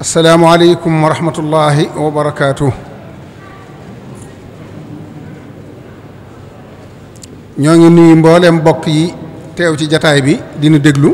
asalaamualeykum wa rahmatullahi wa barakaatu. ñoo ngi nuyu mbooleem mbokk yi teew ci jataay bi dina déglu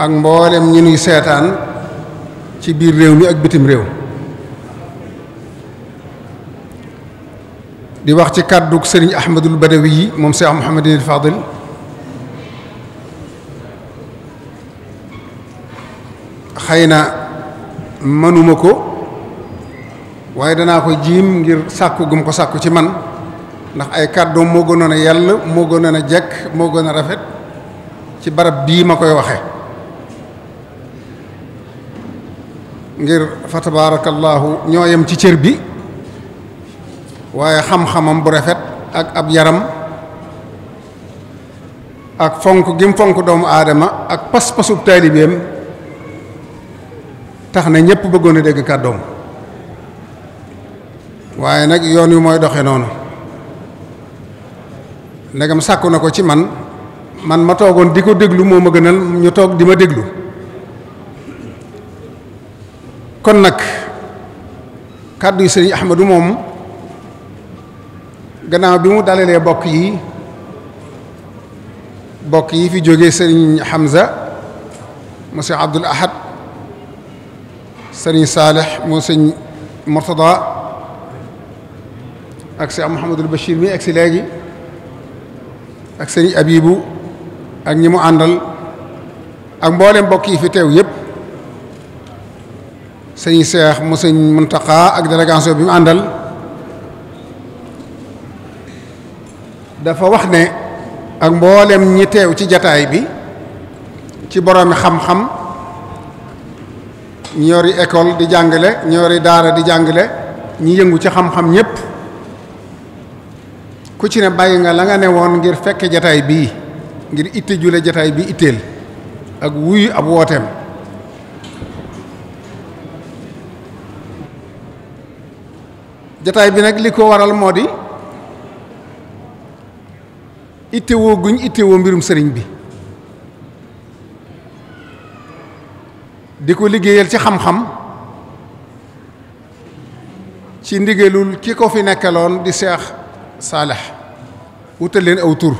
ak mboolem ñu nuy seetaan ci biir réew mi ak bitim réew di wax ci kàddu sëriñ ahmadul badawi yi moom seex muhammadinil fadil xëy na mënuma ko waaye danaa ko jiim ngir sàkku gum ko sàkku ci man ndax ay kàddoom moo gënoon a yell moo gënoon a jekk moo gën a rafet ci barab bii ma koy waxe ngir fa tabaarakallaahu ñoo yem ci cër bi waaye xam-xamam bu rafet ak ab yaram ak fonk gim fonk doomu aadama ak pas-pasub taalibeem tax na ñëpp bëggoon a dégg kàddoom waaye nag yoon wi mooy doxe noonu ndegam sàkku na ko ci man man ma toogoon di ko déglu moo ma gënal ñu toog di ma déglu kon nag kàddu yi sëriñ Ahmadu moom gannaaw bi mu dalalee bokk yi bokk yi fi jógee sëriñ Hamza monsieur Abdul Ahad sëriñ Saalix mu sëñ Murtada ak si Mouhamadul Bachir mi si léegi ak sëriñ Abibu ak ñi mu àndal ak mboolem mbokk yi fi teew yëpp sëriñ Seex mu sëñ Muntaqa ak délégation bi mu àndal dafa wax ne ak mboolem ñi teew ci jataay bi ci boroomi xam-xam. ñi yori école di jàngale ñi yori daara di jàngale ñi yëngu ci xam-xam ñépp ku ci ne bàyyi nga la nga ne woon ngir fekke jataay bii ngir itte jule jataay bi itteel ak wuy ab wooteem jataay bi nag li ko waral moo di ittewoo guñ ittewoo mbirum sëriñ bi di ko liggéeyal ci xam-xam ci ndigalul ki ko fi nekkaloon di seex saalex wutal leen aw tur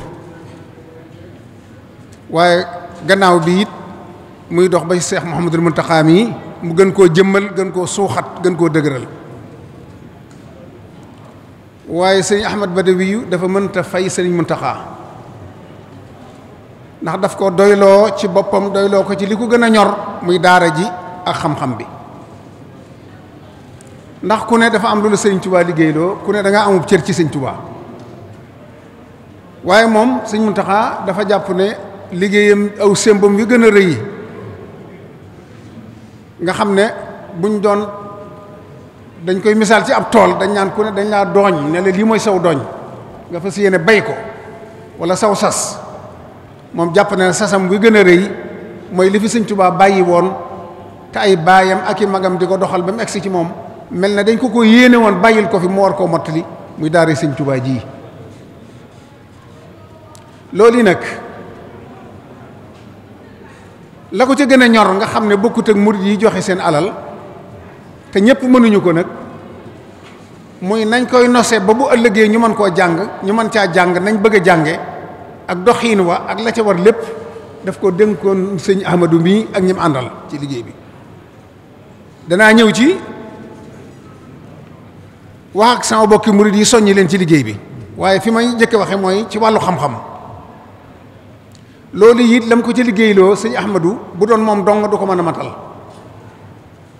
waaye gannaaw bi it muy dox ba seex Muhammadul Muntaxa mi mu gën koo jëmmal gën koo suuxat gën koo dëgëral waaye sëñ Ahmad Badawiyu dafa mënta fay sëñ Muntaxa ndax daf ko doyloo ci boppam doyloo ko ci li ko gën a ñor muy daara ji ak xam-xam bi ndax ku ne dafa am loolu sëriñ Tuubaa liggéeyloo ku ne da ngaa amub cër ci sëriñ Tuubaa waaye moom sëriñ Muntaxa dafa jàpp ne liggéeyam aw sémbam yu gën a rëy nga xam ne buñ doon dañ koy misaal ci ab tool dañ naan ku ne dañ laa dooñ ne la lii mooy saw doñ nga fas yéene bay ko walla saw sas moom jàpp na ne sasam bi gën a rëy mooy li fi sëñ Tuubaa bàyyi woon te ay baayam ak i magam di ko doxal ba mu egsi ci moom mel na dañ ko ko yéene woon bàyyil ko fi mu war koo mottali muy daara sëñ Tuubaa ji loolu nag la ko ca gën a ñor nga xam ne bokkut ak murid yi joxe seen alal te ñëpp mënuñu ko nag muy nañ koy nose ba bu ëllëgee ñu mën koo jàng ñu mën caa jàng nañ bëgg a jànge ak doxiin wa ak la ca war lépp daf ko dénkoon sëñ Ahmadou mii ak ñim àndal ci liggéey bi danaa ñëw ci wax ak sama bokki murid yi soññi leen ci liggéey bi waaye fi may njëkk waxe mooy ci wàllu xam-xam loolu it lam ko ci liggéeyloo sëñ Ahmadou bu doon moom dong du ko mën a matal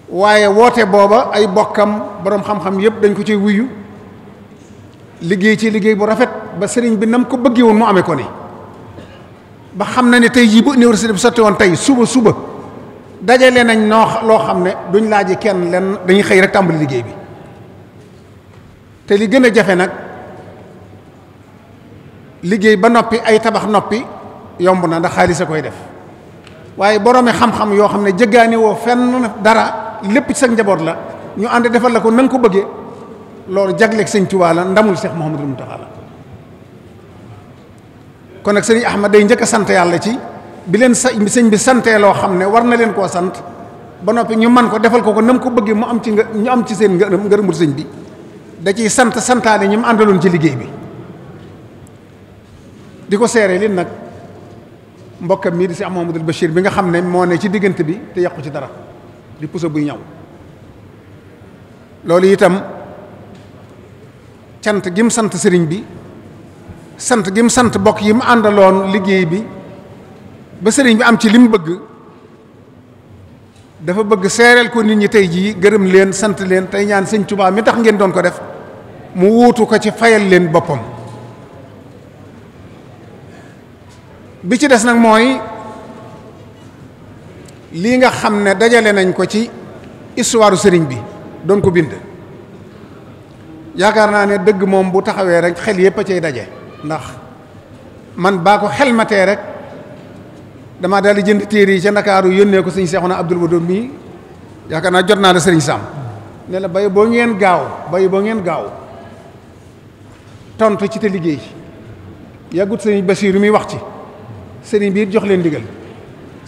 waaye woote booba ay bokkam boroom xam-xam yëpp dañ ko ci wuyu liggéey ci liggéey bu rafet ba sëriñ bi nam ko bëggee woon mu amee ko ni ba xam na ne tey jii bu université bi sotti woon tey suba suba dajale nañ noo loo xam ne duñ laaji kenn lenn dañuy xëy rek tàmbali liggéey bi te li gën a jafe nag liggéey ba noppi ay tabax noppi yomb na ndax xaalis a koy def waaye boroomi xam-xam yoo xam ne jëggaani woo fenn dara lépp ci sa njaboot la ñu ànd defal la ko na nga ko bëggee loolu jagleeg sëñ Tuubaa la ndamul Seex Muhammadul Muntaxaa la kon nag sëriñ Ahmad day njëkk sant yàlla ci bi leen sa sëñ bi santee loo xam ne war na leen koo sant ba noppi ñu man ko defal ko ko nam ko bëggee mu am ci nga ñu am ci seen ngërëmul sëñ bi da ciy sant santaane ñi mu àndaloon ci liggéey bi di ko seere lin nag mbokkam mii di si Mouhamadoul Bachir bi nga xam ne moo ne ci diggante bi te yàqu ci dara di puso buy ñaw loolu itam sant gi sant sëriñ bi sant gi mu sant bokk yi mu àndaloon liggéey bi ba sëriñ bi am ci li mu bëgg dafa bëgg seereel ko nit ñi tey jii gërëm leen sant leen tey ñaan sëñ Tuubaa mi tax ngeen doon ko def mu wuutu ko ci fayal leen boppam bi ci des nag mooy lii nga xam ne dajale nañ ko ci histoire sëriñ bi doon ko bind yaakaar naa ne dëgg moom bu taxawee rek xel yépp a cay daje ndax man baa ko xelmatee rek damaa daal di jënd téere yi ca ndakaaru yónnee ko sëñ Seexuna Abdul Wadood mii yaakaar naa jot naa la sëriñ Sam ne la bay boo ngeen gaaw bay boo ngeen gaaw tontu ci te liggéey yàggut sëriñ Basiiru muy wax ci sëriñ biir jox leen ndigal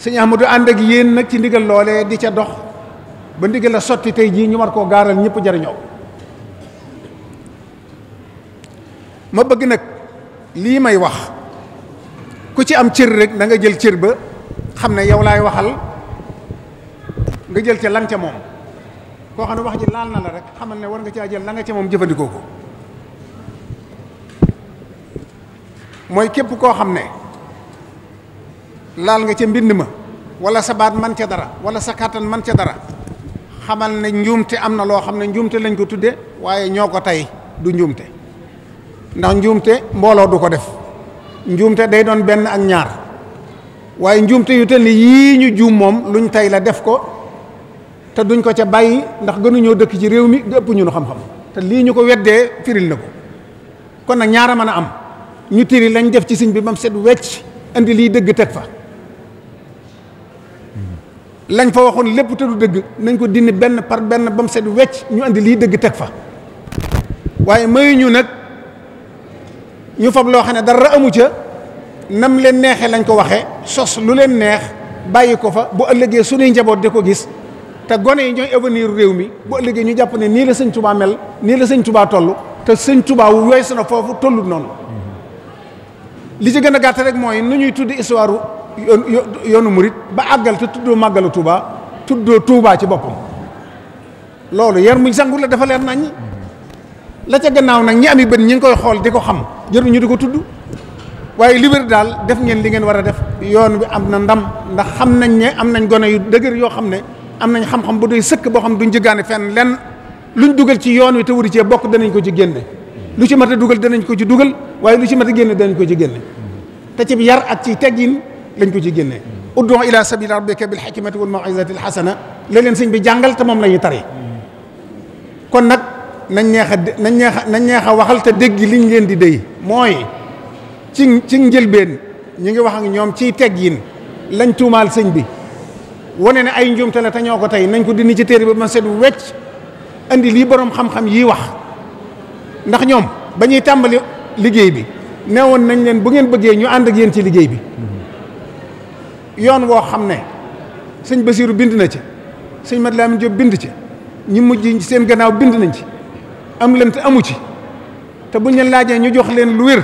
sëñ Ahmadu ànd ak yéen nag ci ndigal loolee di ca dox ba ndigal la sotti tey jii ñu war koo gaaral ñëpp jariñoo ma bëgg nag lii may wax ku ci am cër rek da nga jël cër ba xam ne yow laay waxal nga jël ca lan ca moom koo xam ne wax ji laal na la rek xamal ne war nga caa jël la nga ca moom jëfandikoo ko mooy képp koo xam ne laal nga ca mbind ma wala sa baat man ca dara wala sa kàttan man ca dara xamal ne njuumte am na loo xam ne njuumte lañ ko tudde waaye ñoo ko tey du njuumte ndax njuumte mbooloo du ko def njuumte day doon benn ak ñaar waaye njuumte yu tël ni yii ñu juum moom luñ tey la def ko te duñ ko ca bàyyi ndax gënuñoo dëkk ci réew mi ëpp ñu nu xam-xam te lii ñu ko weddee firil na ko kon nag ñaara mën a am ñu tiri lañ def ci siñ bi ba mu set wecc indi lii dëgg teg fa lañ fa waxoon lépp te du dëgg nañ ko dindi benn par benn ba mu set wecc ñu indi liy dëgg teg fa waaye mayuñu nag ñu fab loo xam ne dara amu ca nam leen neexee lañ ko waxee sos lu leen neex bàyyi ko fa bu ëllëgee suñuy njaboot di ko gis te gone yi ñooy avenir réew mi bu ëllëgee ñu jàpp ne nii la sëñ tubaa mel nii la sëñ tubaa toll te sëñ tubaa wu weesu na foofu tollut noonu li ci gën a gàtt rek mooy nu ñuy tudd histoire yoonu murit ba àggal te tuddoo màggalu tubaa tuddoo tuubaa ci boppam loolu yar muñ sangul la dafa leer naññi la ca gannaaw nag ñi ami bët ñi ngi koy xool di ko xam jërul di ko tudd waaye li wér daal def ngeen li ngeen war a def yoon bi am na ndam ndax xam nañ ne am nañ gone yu dëgër yoo xam ne am nañ xam-xam bu doy sëkk boo xam duñ jëggaane fenn lenn luñ dugal ci yoon wi te wuri cee bokk danañ ko ci génne lu ci mat a dugal danañ ko ci dugal waaye lu ci mat a génne danañ ko ci génne te ci yar ak ci teggin lañ ko ci génne uddu ila sabili rabbika bil hikmati wal mawizati al hasana la leen sëñ bi jàngal te moom la ñuy tare nañ neex a nañ neex a nañ neex a waxal te dégg liñ leen di déy mooy ci ci njëlbeen ñu ngi wax ak ñoom ciy teggin lañ tuumaal sëñ bi wane ne ay njuumte la te ñoo ko tey nañ ko dindi ci téere bi ma seet wecc indi lii boroom xam-xam yii wax ndax ñoom ba ñuy tàmbali liggéey bi neewoon nañ leen bu ngeen bëggee ñu ànd ak yéen ci liggéey bi yoon woo xam ne sëñ Basiiru bind na ci sëñ Mat Laamin Jóob bind ci ñi mujj seen gannaaw bind nañ ci am te amu ci te buñ leen laajee ñu jox leen lu wér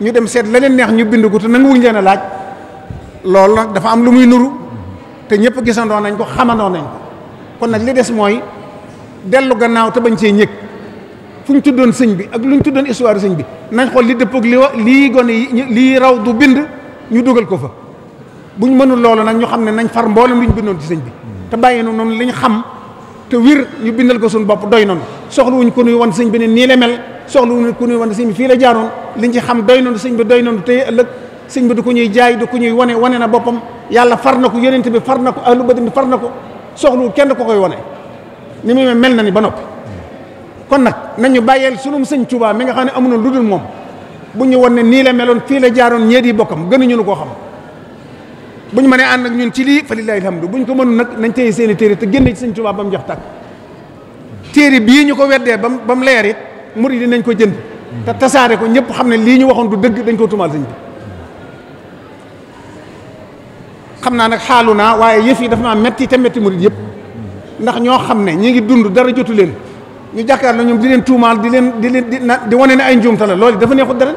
ñu dem seet la leen neex ñu bind ko te nanguwuñ leen a laaj loolu nag dafa am lu muy nuru te ñëpp gisandoo nañ ko xamandoo nañ ko kon nag li des mooy dellu gannaaw te bañ cee ñëg fu ñu tuddoon sëñ bi ak lu ñu tuddoon histoire sëñ bi nañ xool li dëppoog li lii gone lii raw du bind ñu dugal ko fa bu ñu mënul loolu nag ñu xam ne nañ far mboolem lu ñu bindoon ci sëñ bi te bàyyi noonu li ñu xam te wir ñu bindal ko suñu bopp doy noonu soxlawuñ ku nuy won sëñ bi ne nii la mel soxlawuñ ku nuy wan sëñ bi fii la jaaroon liñ ci xam doy noonu sëñ bi doy noonu tey ëllëg sëñ bi du ko ñuy jaay du ko ñuy wone wone na boppam yàlla far na ko yonent bi far na ko ahlu badin bi far na ko soxlawul kenn ko koy wone ni muy mel na ni ba noppi kon nag nañu bàyyeel sunum sëñ Tuubaa mi nga xam ne amuñu lu dul moom bu ñu wan ne nii la meloon fii la jaaroon ñeet yi bokkam gënuñu nu koo xam bu ñu mënee ne ak ñun ci lii fa lillahi alhamdu bu ñu ko mënu nag nañ téye seen i téere te génne ba mu téere bii ñu ko weddee ba mu ba mu leer it murid yi nañ ko jënd te tasaare ko ñëpp xam ne lii ñu waxoon du dëgg dañ ko tumaal sëñ bi xam naa nag xaalu naa waaye yëf yi dafa maa metti te metti murid yëpp ndax ñoo xam ne ñi ngi dund dara jotu leen ñu jàkkaar la ñoom di leen tuumaal di leen di leen di na di wane ne ay njuumte la loolu dafa neexut dara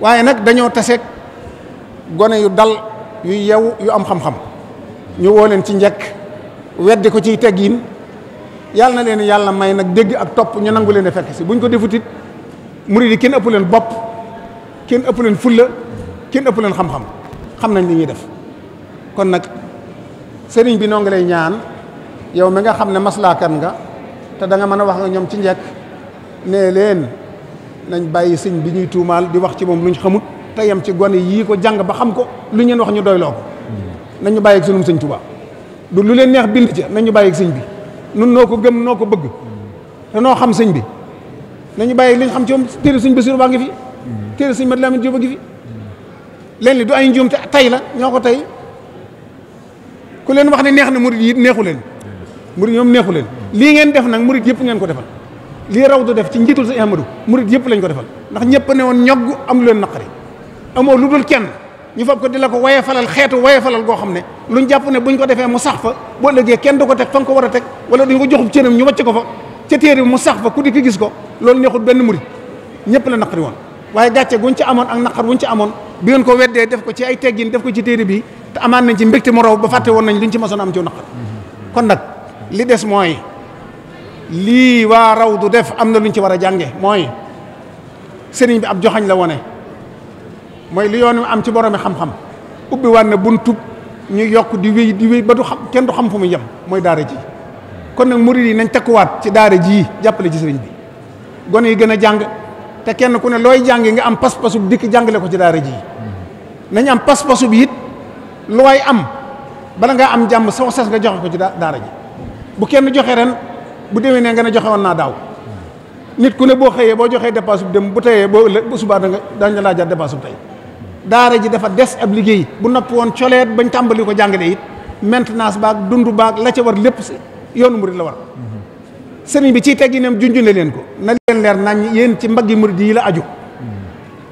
waaye nag dañoo taseeg gone yu dal yu yew yu am xam-xam ñu woo leen ci njëkk weddi ko ciy teggin yàlla na leen yàlla may nag dégg ak topp ñu nangu leen di fekk si buñ ko defutit murid yi kenn ëpp leen bopp kenn ëpp leen fulla kenn ëpp leen xam-xam xam nañ li ñuy def kon nag sëriñ bi noo lay ñaan yow mi nga xam ne maslaa maslaakan nga te da nga mën a wax nga ñoom ci njëkk nee leen nañ bàyyi sëñ bi ñuy tuumaal di wax ci moom luñ xamut te yem ci gone yii ko jàng ba xam ko lu ñu wax ñu doyloo ko mm. nañu bàyyi ak sunum sëñ Tuubaa du lu leen neex bind ca nañu bàyyi ak bi nun noo ko gëm noo ko bëgg te noo xam sëñ bi nañu bàyyi li ñu xam ci moom téere sëñ Basiru baa ngi fi téere suñ Madi Lamin Jóob gi ngi fi leen li du ay njuum te tay la ñoo ko tey ku leen wax ne neex na murit yit neexu leen murit ñoom neexu leen lii ngeen def nag murit yëpp ngeen ko defal lii raw du def ci njiitul sa Ahmadu murit yëpp lañ ko defal ndax ñëpp ne woon ñogg am lu leen naqari amoo lu dul kenn ñu fab ko di la ko waye falal xeetu waye falal goo xam ne luñ jàpp ne buñ ko defee mu sax fa boo ëllëgee kenn du ko teg fa ko war a teg wala duñ ko joxub cëram ñu wàcc ko fa ca téere bi mu sax fa ku di ko gis ko loolu neexul benn murit ñëpp la naqari woon waaye gàcce guñ ci amoon ak naqar wuñ ci amoon bi ngeen ko weddee def ko ci ay teggin def ko ci téere bi te amaan nañ ci mbégte mu raw ba fàtte woon nañ luñ ci mosoon am ci naqar kon nag li des mooy lii waa raw def am na luñ ci war a jànge mooy sëriñ bi ab joxañ la wone mooy li yoon wi am ci boroomi xam-xam ubbi waat na buntub ñu yokk di wéy di wéy ba du xam kenn du xam fu muy yem mooy daara ji kon nag murid yi nañ takkuwaat ci daara ji jàppale ci sëriñ bi gone yi gën a jàng te kenn ku ne looy jàngi nga am pas-pasu dikk jàngale ko ci daara ji nañ am pas-pasu bi it lu waay am bala ngaa am jàmm soo ses nga joxe ko ci daara ji bu kenn joxe ren bu demee ne nga ne joxe woon naa daaw nit ku ne boo xëyee boo joxee dépasse bu dem bu teyee boo subaa da nga daañu la laajaat dépasse bu tey daara ji dafa des ab liggéey bu noppi woon coleet bañ tàmbali ko jàngale it maintenance baag dund baag la ca war lépp si yoonu murid la war sëriñ bi ciy tegginam junju ne leen ko na leen leer nañ yéen ci mbaggi murid yi la aju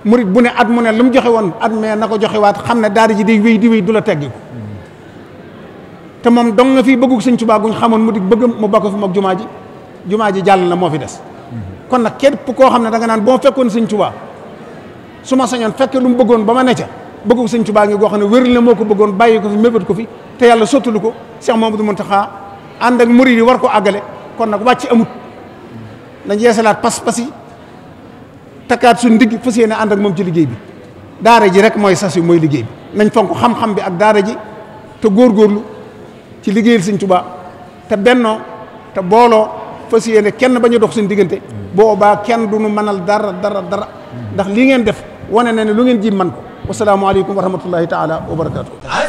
murit bu ne at mu ne lu mu joxe woon at mee na ko joxe waat xam ne daara ji day wéy di wéy du la teggi ko te moom dong nga fii bëggug sëñ gu ñu xamoon mu di bëgg mu bokk fi moog jumaa ji jumaa ji jàll na moo fi des kon nag képp koo xam ne da nga naan boo fekkoon sëñ Tuubaa su ma sañoon fekk lu mu bëggoon ba ma ne ca bëggu sëñ Tuubaa ngi goo xam ne wér la moo ko bëggoon bàyyi ko fi mébét ko fi te yàlla sottalu ko moom Cheikh Mamadou taxaa ànd ak murid yi war ko àggale kon nag wàcc amut nañ yeesalaat pas-pas yi takkaat suñ ndigg fas yéene ànd ak moom ci liggéey bi daara ji rek mooy sas yi mooy liggéey bi nañ fonk xam-xam bi ak daara ji te góor góorlu ci liggéeyal sëñ Tuubaa te bennoo te booloo fas yéene kenn bañ a dox suñ diggante mm. boobaa kenn du nu mënal dara dara dara mm. ndax lii ngeen def wane na ne lu ngeen ji man ko wasalaamualeykum wa rahmatullahi taala wa barakaatu.